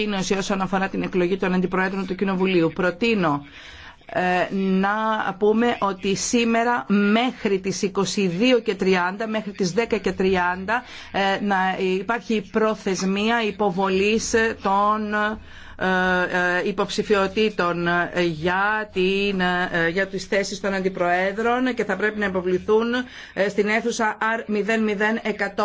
ανακοίνωση όσον αφορά την εκλογή των αντιπροέδρων του Κοινοβουλίου. Προτείνω ε, να πούμε ότι σήμερα μέχρι τις 22 και 30, μέχρι τις 10 και 30 ε, να υπάρχει προθεσμία υποβολής των ε, υποψηφιωτήτων για, την, για τις θέσεις των αντιπροέδρων και θα πρέπει να υποβληθούν στην αίθουσα R00100.